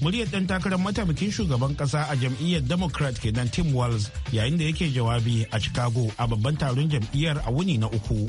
muryar ɗan takarar mataimakin shugaban ƙasa a jam'iyyar democrat kenan tim walz yayin da yake jawabi a chicago a babban taron jam'iyyar a wuni na uku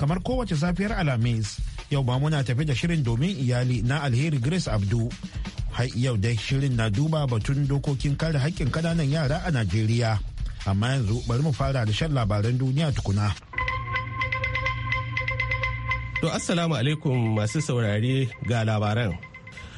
kamar kowace safiyar alhamis yau ba muna tafi da shirin domin iyali na alheri grace abdu har yau dai shirin na duba batun dokokin kare haƙƙin kananan yara a najeriya amma yanzu bari mu fara da shan labaran duniya tukuna to assalamu alaikum masu saurare ga labaran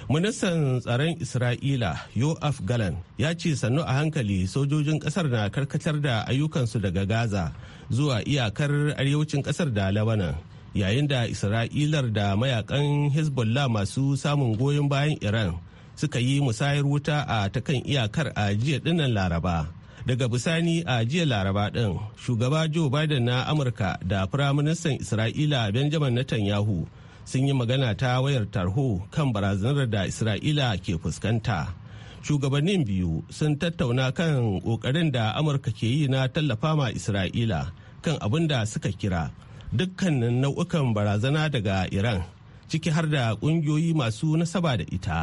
ministan tsaron isra'ila yoaf galan ya ce sannu a hankali sojojin kasar na karkatar da ayyukansu daga gaza zuwa iyakar arewacin kasar da labanan yayin da isra'ilar da mayakan hezbollah masu samun goyon bayan iran suka yi musayar wuta a ta kan iyakar a jiya dinnan laraba daga bisani a jiya laraba din shugaba joe biden na amurka da firaministan isra'ila benjamin netanyahu sun yi magana ta wayar tarho kan barazanar da isra'ila ke fuskanta shugabannin biyu sun tattauna kan kokarin da amurka ke yi na tallafa ma isra'ila kan abin da suka kira dukkanin nau'ukan barazana daga iran ciki har da kungiyoyi masu nasaba da ita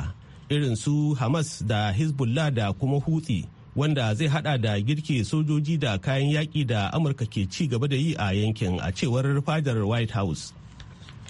irin su hamas da hezbollah da kuma hutsi wanda zai hada da girke sojoji da kayan yaƙi da amurka ke ci gaba da yi a yankin a cewar fadar white house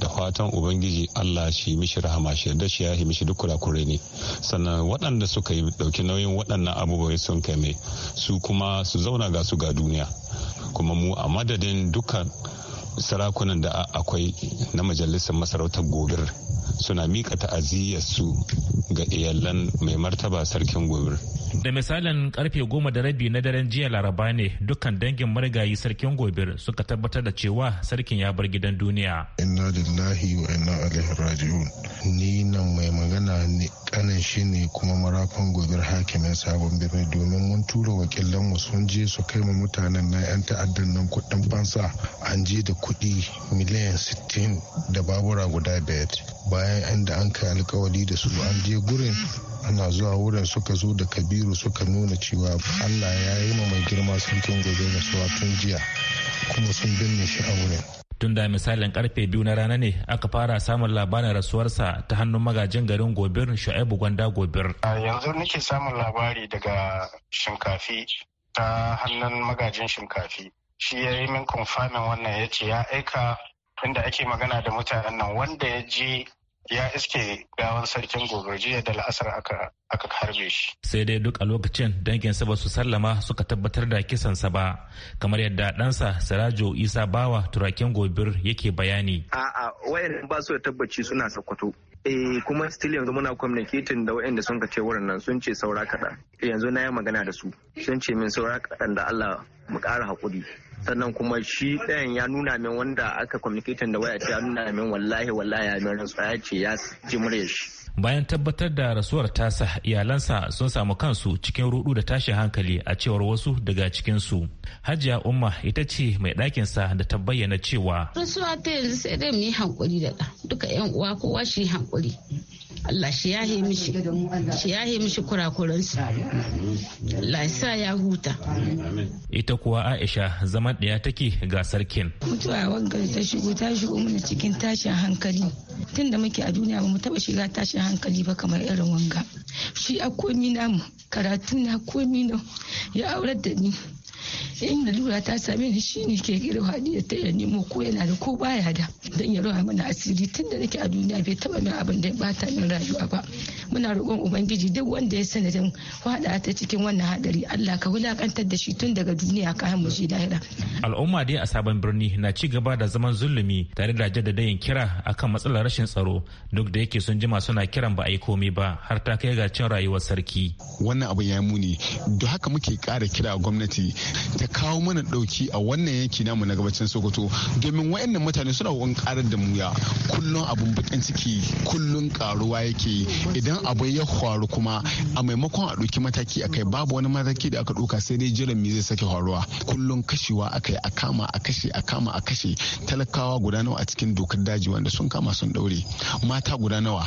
da fatan ubangiji allah shi mishi rahama shi da shi ya yi mishi duk kurakure ne sannan waɗanda suka yi ɗauki nauyin waɗannan abubuwa sun kai mai su kuma su zauna ga su ga duniya kuma mu a madadin dukkan sarakunan da akwai na majalisar masarautar gobir suna miƙa ta'aziyyar su ga iyalan mai martaba sarkin gobir da misalin karfe goma da rabi na daren jiya laraba ne dukkan dangin marigayi sarkin gobir suka tabbatar da cewa sarkin ya bar gidan duniya inna lillahi wa inna ilaihi raji'un ni nan mai magana ne kanan shi ne kuma marafan gobir hakimin sabon birni domin mun tura wakilan mu sun je su kai mu mutanen na yan ta'addan nan kudin fansa an je da kudi miliyan 60 da babura guda biyar bayan inda an kai alkawari da su an je gurin ana zuwa wurin suka zo da kabiru suka nuna cewa allah ya yi ma mai girma sarkin gobe da suwa tun jiya kuma sun binne shi a wurin tun da misalin karfe biyu na rana ne aka fara samun labarin rasuwarsa ta hannun magajin garin gobir shu'aibu gwanda gobir yanzu nake samun labari daga shinkafi ta hannun magajin shinkafi shi ya yi min konfamin wannan ya ce ya aika inda ake magana da mutanen nan wanda ya je ya iske gawan sarkin gobe jiya da la'asar aka harbe shi. Sai dai duk a lokacin dangin sa su sallama suka tabbatar da kisan sa ba kamar yadda ɗansa Sirajo Isa Bawa turaken gobir yake bayani. A'a wayannan ba su da tabbaci suna sakwato eh kuma still yanzu muna communicating da waɗanda sun kace wurin nan sun ce saura kaɗan yanzu na yi magana da su sun ce min saura kaɗan da Allah mu ƙara haƙuri sannan kuma shi ɗayan ya nuna min wanda aka communicating da waya ce ya nuna min wallahi wallahi ya mai rantsuwa ya ce ya ji muryar shi bayan tabbatar da rasuwar tasa iyalansa sun samu kansu cikin rudu da tashin hankali a cewar wasu daga cikinsu hajiya umma ita ce mai ɗakinsa da ta bayyana cewa rasuwa ta yanzu sai dai mu yi hankuri da duka yan uwa kowa shi hankuri Allah shi yahe mishi shi yahe mishi kurakuransu Allah sa ya huta ita kuwa Aisha zaman ɗaya take ga sarkin mutuwa wanga ta shigo ta shigo mana cikin tashin hankali tun da muke a duniya ba mu taba shiga tashin hankali ba kamar irin wanga shi a komi namu karatu na komi na ya aurar da ni in lalura ta same ni shi ne ke gira hadiya ta ya nemo ko yana da ko baya da dan ya rawa mana asiri tun da nake a duniya bai taba min abin da ya bata min rayuwa ba muna roƙon ubangiji duk wanda ya sanadin hada ta cikin wannan hadari Allah ka wulakantar da shi tun daga duniya ka mu shi lahira al'umma dai a sabon birni na ci gaba da zaman zulumi tare da yin kira akan matsalar rashin tsaro duk da yake sun jima suna kiran ba a yi komai ba har ta kai ga cin rayuwar sarki wannan abu ya muni da haka muke kara kira gwamnati kawo mana dauki a wannan yanki namu na gabacin sokoto domin wayannan mutane suna wani karar da muya kullum abun bakin ciki kullum karuwa yake idan abu ya faru kuma a maimakon a ɗauki mataki akai babu wani mataki da aka ɗauka sai dai jiran me zai sake faruwa kullum kashewa akai a kama a kashe a kama a kashe talakawa guda nawa a cikin dokar daji wanda sun kama sun daure mata guda nawa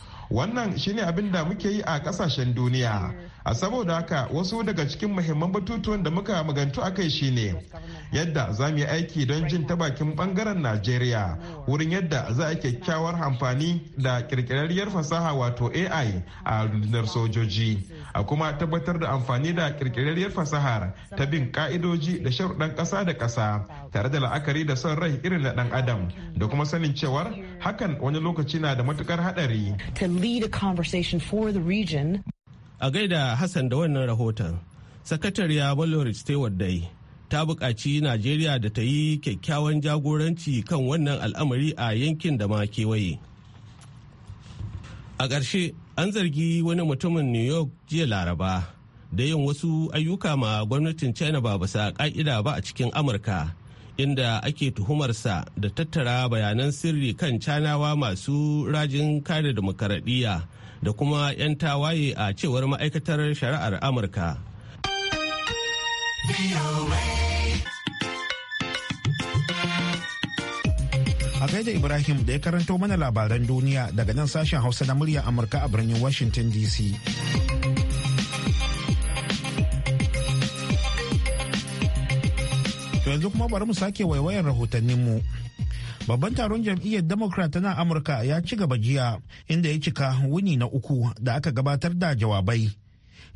wannan shine abin da muke yi a kasashen duniya a saboda haka wasu daga cikin muhimman batutuwan da muka magantu a kai shine yadda za mu yi aiki don jin ta bakin bangaren najeriya wurin yadda za a kyakkyawar amfani da kirkirarriyar fasaha wato ai a rundunar sojoji a kuma tabbatar da amfani da kirkirarriyar fasahar ta bin ka'idoji da sharuɗan ƙasa da ƙasa tare da la'akari da son rai irin na ɗan adam da kuma sanin cewar hakan wani lokaci na da matukar haɗari. A gaida Hassan da wannan rahoton, Sakatariya Balorit Stewart dai ta buƙaci Najeriya da ta yi kyakkyawan jagoranci kan wannan al'amari a yankin da ma kewaye. A ƙarshe an zargi wani mutumin new york jiya laraba da yin wasu ayyuka ma gwamnatin china ba bisa ka'ida ba a cikin amurka inda ake tuhumarsa da tattara bayanan sirri kan canawa masu rajin kare demokaradiyya da kuma 'yan tawaye a cewar ma'aikatar shari'ar amurka. A da Ibrahim da ya karanto mana labaran duniya daga nan sashen Hausa na murya Amurka a birnin Washington DC. yanzu kuma bari mu sake waiwayar rahotanninmu. Babban taron jam'iyyar Democrat tana Amurka ya ci gaba jiya inda ya cika wuni na uku da aka gabatar da jawabai.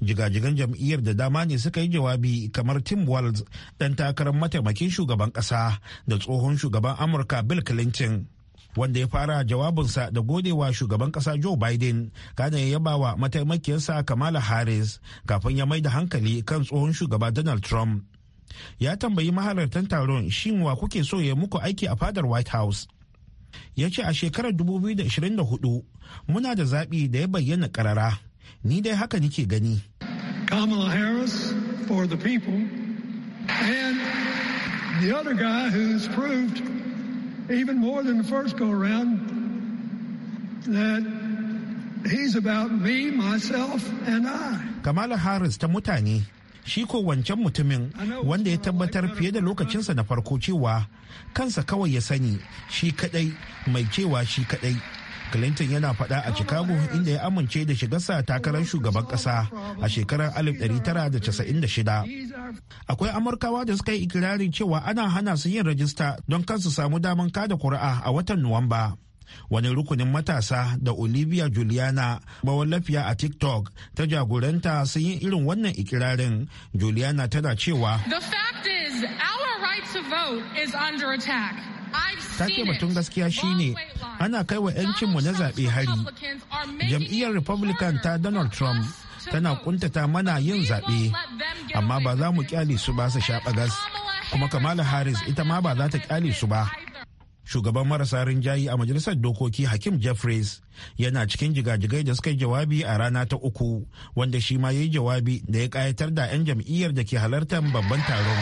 jigajigan jam'iyyar da dama ne suka yi jawabi kamar tim walz dan takarar mataimakin shugaban kasa da tsohon shugaban amurka bill clinton wanda ya fara jawabinsa da godewa shugaban kasa joe biden kada ya yaba wa mataimakiyarsa kamala harris kafin ya mai da hankali kan tsohon shugaba donald trump ya tambayi mahalartan taron shin wa kuke so ya muku aiki a fadar white house ya ce a shekarar 2024 muna da zaɓi da ya bayyana ƙarara ni dai haka nike gani Kamala Harris for the people, and the other guy who's proved even more than the first go around that he's about me, myself, and I. Kamala Harris ta mutane shi ko wancan mutumin wanda ya tabbatar fiye da lokacinsa na farko cewa kansa kawai ya sani shi kadai mai cewa shi kadai. clinton yana fada a chicago inda ya amince da shigarsa takarar shugaban kasa a shekarar 1996 akwai amurkawa da suka yi ikirarin cewa ana hana su yin rajista don kansu samu daman kada kuri'a a watan nuwamba wani rukunin matasa da olivia juliana mawallafiya a tiktok ta jagoranta sun yi irin wannan ikirarin juliana tana cewa the fact is our right to vote is under attack take batun gaskiya shine ana kai wa 'yancinmu na zaɓe hari jam'iyyar republican ta donald trump tana kuntata mana yin zaɓe amma ba za mu kyale su ba su shaɓa gas kuma kamala harris ita ma ba za ta kyale su ba shugaban marasa rinjayi a majalisar dokoki hakim jeffries yana cikin jigajigai da suka yi jawabi a rana ta uku wanda shi ma ya yi jawabi da ya kayatar da 'yan jam'iyyar da ke halartar babban taron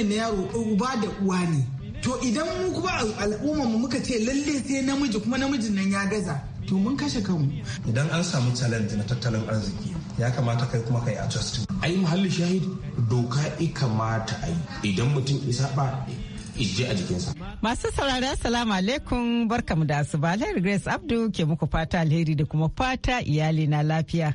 annabi na yaro uba da uwa ne to idan mu kuma al'umma mu muka ce lalle sai namiji kuma namijin nan ya gaza to mun kashe kanmu idan an samu challenge na tattalin arziki ya kamata kai kuma kai adjusting ai muhalli shahid doka i kamata ai idan mutum isa ba ije a jikin sa. masu saurari assalamu alaikum barkamu da asuba la'iru grace abdu ke muku fata alheri da kuma fata iyali na lafiya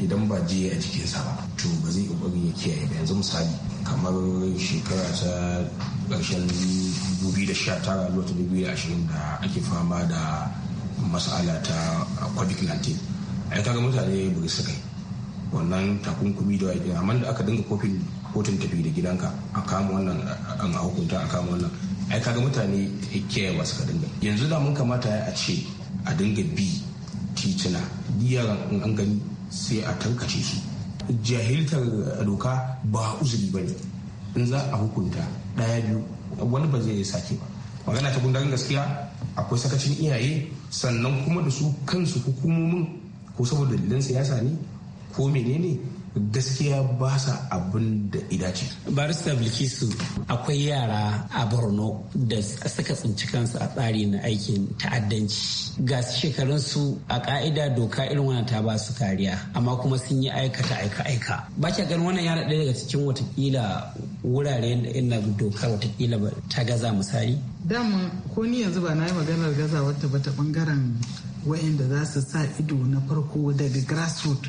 idan ba jiye a jikinsa ba to ba zai kokari ya kiyaye ba yanzu misali kamar shekara ta karshen 2019 zuwa ta 2020 da ake fama da masala ta covid-19 a yi kaga mutane ya buri kai wannan takunkumi da waje amma da aka dinga kofin kotun tafi da gidanka a kama wannan an hukunta a kama wannan a kaga mutane kiyaye ba suka dinga yanzu da mun kamata a ce a dinga bi titina biyar an gani sai a tankace shi jahiltar eh, doka ba uzuri ba ne in za a hukunta daya biyu wani ba zai sake ba magana ta gundarin gaskiya akwai sakacin iyaye sannan kuma da su kansu hukumomin ko saboda dalilan siyasa ne ko menene gaskiya ba sa abin da idace. barista bilkisu akwai yara a borno da suka tsinci kansu a tsari na aikin ta'addanci ga su a ka'ida doka irin wannan ta ba su kariya amma kuma sun yi aikata aika-aika ba ki ganin wannan yara ɗaya daga cikin watakila wurare da ina doka watakila ta gaza misali dama ko ni yanzu ba na yi maganar gazawar ta bata bangaren wayanda za su sa ido na farko daga grassroots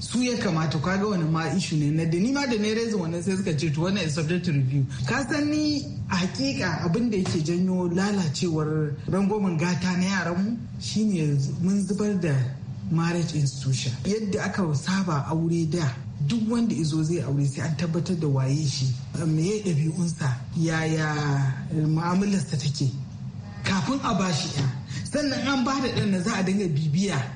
su ya kamata kaga wani ma ishu ne na da nima da na reza wannan sai suka ce to wannan is subject review ka san ni a hakika abin da yake janyo lalacewar rangwamen gata na yaran mu shine mun zubar da marriage institution yadda aka saba aure da duk wanda izo zai aure sai an tabbatar da waye shi meye ɗabi'unsa yaya mu'amalarsa take kafin a bashi ya sannan an ba da ɗan za a dinga bibiya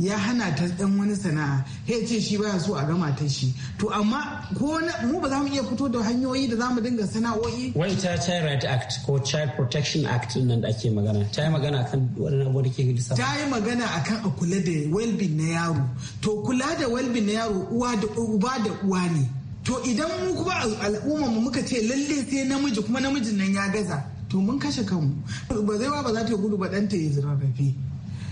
ya hana ta ɗan wani sana'a ya ce shi baya so a gama ta shi to amma ko mu ba za mu iya fito da hanyoyi da za mu dinga sana'o'i wai ta child right act ko child protection act nan da ake magana ta yi magana akan wani abu da ke sama. ta yi magana akan a kula da well-being na yaro to kula da well na yaro uwa da uba da uwa ne to idan mu kuma al'umma mu muka ce lalle sai namiji kuma namijin nan ya gaza to mun kashe kanmu ba zai ba za ta gudu ba ɗanta ya zirarrafe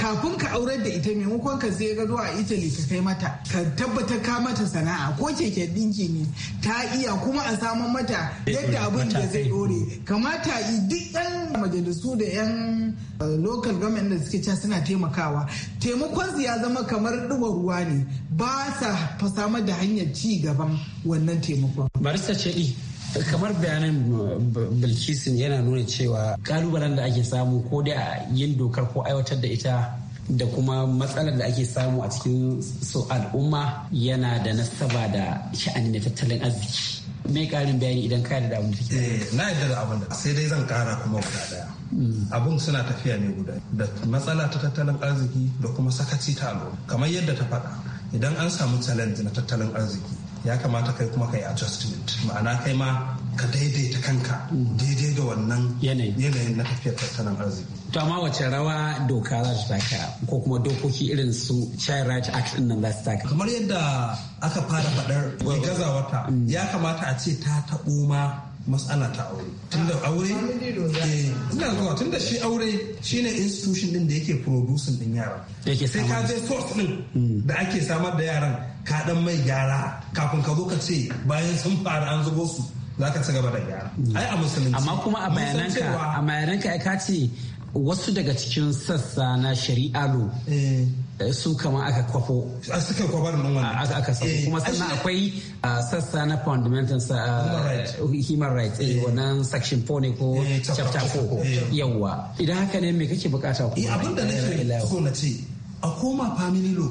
kafin ka aurar da ita maimakon ka zai gado a italy ka kai mata ka tabbatar ka mata sana'a ko keke dinki ne ta iya kuma a samun mata yadda abin da zai dore kamata duk yan majalisu da yan eh, local government da suke cewa suna taimakawa taimakon su ya zama kamar ɗuwar ruwa ne ba sa samar da hanyar ci gaban wannan taimakon barista ce kamar bayanan eh, bilkisun yana nuna cewa kalubalen da ake samu ko da yin dokar ko aiwatar da ita da kuma matsalar da ake samu a cikin su al'umma yana da nasaba da sha'anin da tattalin arziki mai karin bayani idan ka da abin da eh, na yadda da abin da sai dai zan kara kuma guda daya hmm. abun suna tafiya ne guda da matsala ta tattalin arziki da kuma sakaci ta al'umma kamar yadda ta faɗa idan an samu challenge na tattalin arziki ya kamata kai kuma kai adjustment ma'ana kai ma ka daidaita kanka daidai da wannan yanayin na tafiyar tattalin arziki to amma wace rawa doka za su taka ko kuma dokoki irin su child rights act din nan za su taka kamar yadda aka fara faɗar gazawarta ya kamata a ce ta taɓo ma matsala ta aure Tun da aure eh, ina zuwa da shi aure shine institution din da yake producing din yara sai ka je source din hmm. da ake samar da yaran ka dan mai gyara kafin ka zo ka ce bayan sun fara an zubo su za ka ci gaba da gyara ai a musulunci amma kuma a bayananka a bayananka ka ce wasu daga cikin sassa na shari'a lo eh. Eh, su kama aka kwafo a suka kwafar nan wannan aka sabu eh, kuma sannan akwai ah, sassa na fundamental ah, human rights wannan section 4 ne ko chapter 4 yawwa idan haka ne me kake bukata ku abin da nake so na ce a koma family law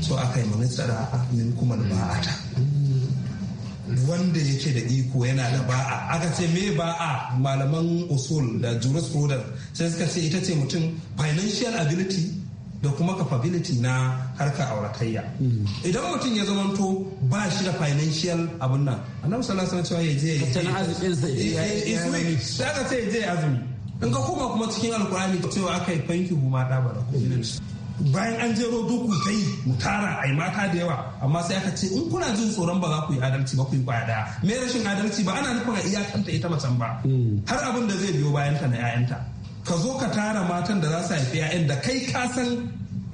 so aka yi a min kuma da ba'ata wanda yake da iko yana da ba'a aka ce me ba'a malaman usul da jurisprudence sai suka ce ita ce mutum financial ability da kuma capability na harkar auratayya idan mutum ya zamanto ba shi da financial abun nan annabi sallallahu alaihi wasallam ya je ya tana azumin sa ya aka ce ya je azumi in ga koma kuma cikin alkurani cewa aka yi fanki huma da ba da bayan an jero duku ku yi mutara tara ai mata da yawa amma sai aka ce in kuna jin tsoron ba za ku yi adalci ba ku yi kwaya daya me rashin adalci ba ana nufin a iyakanta ita macen ba hmm. har abin da zai biyo bayanta ta na 'ya'yanta ka zo ka tara matan da za su haifi 'ya'yan da kai ka san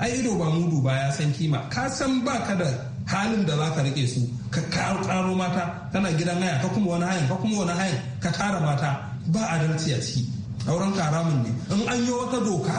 ai ido ba mudu ba ya san kima ka san ba ka da halin da za ka rike su ka karo mata tana gidan haya ka kuma wani hayan ka kuma wani hayan ka tara mata ba adalci a ciki auren haramun ne in an yi wata doka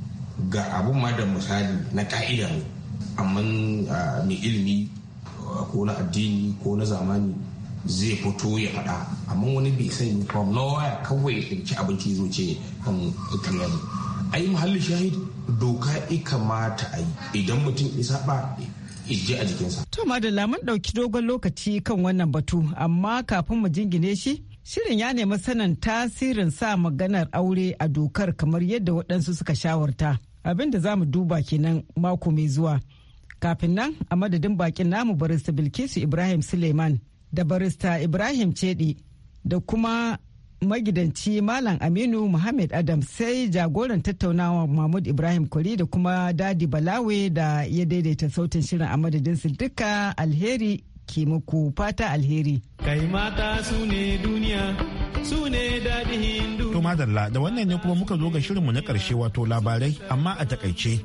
ga abun ma da misali na ka'ida ne amma mai ilimi ko na addini ko na zamani zai fito ya faɗa amma wani bai sani from nowhere kawai ya ɗauki abinci zo ce kan kariya ne ai shahid doka ika mata a yi idan mutum isa ba ije a jikinsa. to madalla mun ɗauki dogon lokaci kan wannan batu amma kafin mu jingine shi Shirin ya nemi sanin tasirin sa maganar aure a dokar kamar yadda waɗansu suka shawarta. Abin da za mu duba kenan mako mai zuwa. Kafin nan a madadin bakin namu barista Bilkisu Ibrahim Suleiman da barista Ibrahim Cedi da kuma magidanci Malam Aminu Muhammad Adam sai jagoran tattaunawa Mahmud Ibrahim Kwari da kuma Dadi Balawe da ya daidaita sautin shirin a madadinsu duka alheri ke muku fata alheri. Kai mata su ne duniya, su ne daɗin hindu. To madalla da wannan ne kuma muka zo ga shirinmu na ƙarshe wato labarai amma a takaice.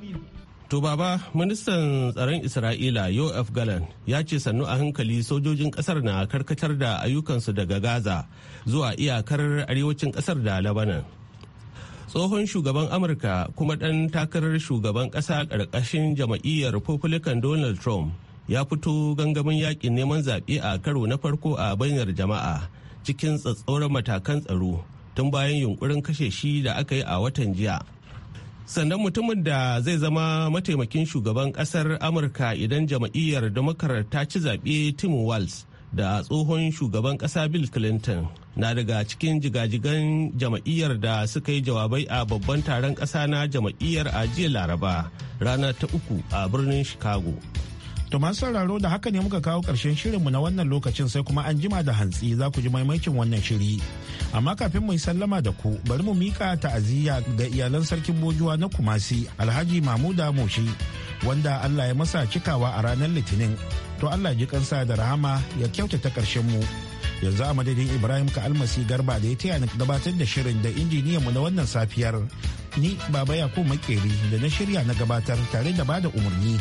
To baba, ministan tsaron Isra'ila Yoav Galan ya ce sannu a hankali sojojin kasar na karkatar da ayyukansu daga Gaza zuwa iyakar arewacin kasar da Lebanon. Tsohon shugaban Amurka kuma ɗan takarar shugaban ƙasa ƙarƙashin jama'iyyar Republican Donald Trump ya fito gangamin yakin neman zaɓe a karo na farko a bayyanar jama'a cikin tsatsauran matakan tsaro tun bayan yunkurin kashe shi da aka yi a watan jiya sannan mutumin da zai zama mataimakin shugaban kasar amurka idan jama'iyyar damakar ta ci zaɓe tim wals da tsohon shugaban kasa bill clinton na daga cikin jigajigan jama'iyyar da suka yi jawabai a babban taron kasa na jama'iyyar a jiya laraba rana ta uku a birnin chicago To masu sauraro da haka ne muka kawo ƙarshen mu na wannan lokacin sai kuma an jima da hantsi za ku ji maimakin wannan shiri. Amma kafin mu yi sallama da ku bari mu mika ta'aziyya ga iyalan sarkin bojuwa na Kumasi Alhaji Mamuda Moshi wanda Allah ya masa cikawa a ranar Litinin. To Allah ji kansa da rahama ya kyautata ƙarshen mu. yanzu a madadin ibrahim ka almasi garba da ya taya ni gabatar da shirin da injiniyan mu na wannan safiyar ni baba yakub makeri da na shirya na gabatar tare da bada umarni